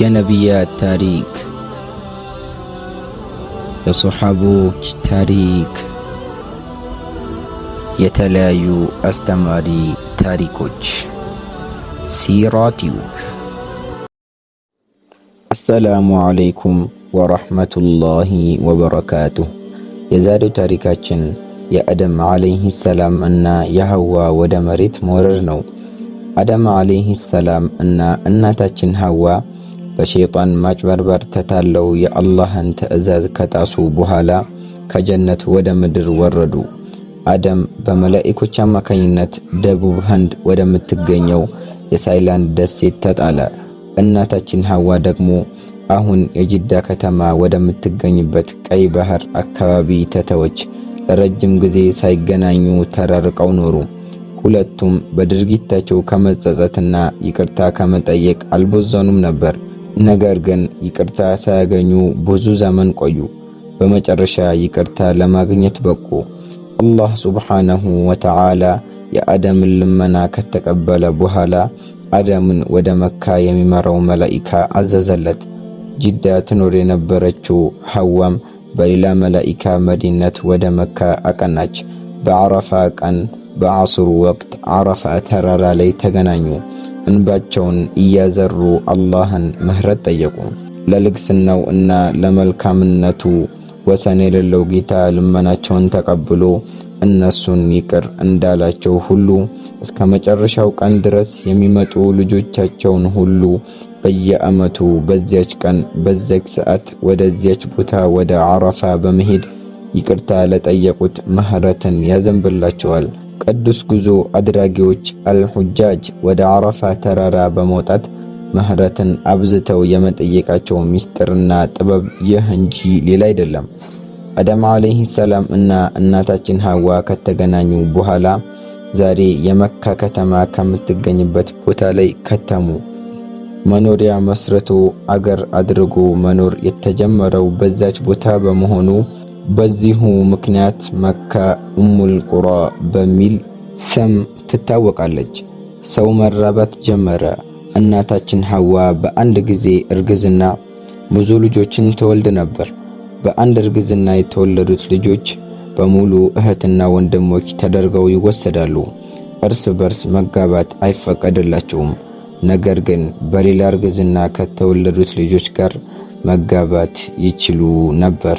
የነቢያት ታሪክ፣ የሶሓቦች ታሪክ፣ የተለያዩ አስተማሪ ታሪኮች ሲራ አሰላሙ አለይኩም ወረህመቱላሂ ወበረካቱሁ። የዛሬው ታሪካችን የአደም አለይህ ሰላም እና የሐዋ ወደ መሬት መውረድ ነው። አደም አለይህ ሰላም እና እናታችን ሐዋ በሸይጣን ማጭበርበር ተታለው የአላህን ትዕዛዝ ከጣሱ በኋላ ከጀነት ወደ ምድር ወረዱ። አደም በመላእኮች አማካኝነት ደቡብ ህንድ ወደምትገኘው የሳይላንድ ደሴት ተጣለ። እናታችን ሐዋ ደግሞ አሁን የጅዳ ከተማ ወደምትገኝበት ቀይ ባህር አካባቢ ተተወች። ለረጅም ጊዜ ሳይገናኙ ተራርቀው ኖሩ። ሁለቱም በድርጊታቸው ከመጸጸትና ይቅርታ ከመጠየቅ አልቦዘኑም ነበር። ነገር ግን ይቅርታ ሳያገኙ ብዙ ዘመን ቆዩ። በመጨረሻ ይቅርታ ለማግኘት በቁ። አላህ ሱብሓነሁ ወተዓላ የአደምን ልመና ከተቀበለ በኋላ አደምን ወደ መካ የሚመራው መላኢካ አዘዘለት። ጅዳ ትኖር የነበረችው ሐዋም በሌላ መላኢካ መዲነት ወደ መካ አቀናች። በዓረፋ ቀን በዐሱር ወቅት ዓረፋ ተራራ ላይ ተገናኙ። እንባቸውን እያዘሩ አላህን ምህረት ጠየቁ። ለልግስናው እና ለመልካምነቱ ወሰን የሌለው ጌታ ልመናቸውን ተቀብሎ እነሱን ይቅር እንዳላቸው ሁሉ እስከ መጨረሻው ቀን ድረስ የሚመጡ ልጆቻቸውን ሁሉ በየዓመቱ በዚያች ቀን በዚያች ሰዓት ወደዚያች ቦታ ወደ አረፋ በመሄድ ይቅርታ ለጠየቁት ምህረትን ያዘንብላቸዋል። ቅዱስ ጉዞ አድራጊዎች አልሁጃጅ ወደ አረፋ ተራራ በመውጣት ምህረትን አብዝተው የመጠየቃቸው ምስጢርና ጥበብ ይህ እንጂ ሌላ አይደለም። አደም ዓለይህ ሰላም እና እናታችን ሐዋ ከተገናኙ በኋላ ዛሬ የመካ ከተማ ከምትገኝበት ቦታ ላይ ከተሙ። መኖሪያ መስርቶ አገር አድርጎ መኖር የተጀመረው በዛች ቦታ በመሆኑ በዚሁ ምክንያት መካ ኡሙል ቁራ በሚል ስም ትታወቃለች። ሰው መራባት ጀመረ። እናታችን ሐዋ በአንድ ጊዜ እርግዝና ብዙ ልጆችን ትወልድ ነበር። በአንድ እርግዝና የተወለዱት ልጆች በሙሉ እህትና ወንድሞች ተደርገው ይወሰዳሉ። እርስ በርስ መጋባት አይፈቀድላቸውም። ነገር ግን በሌላ እርግዝና ከተወለዱት ልጆች ጋር መጋባት ይችሉ ነበር።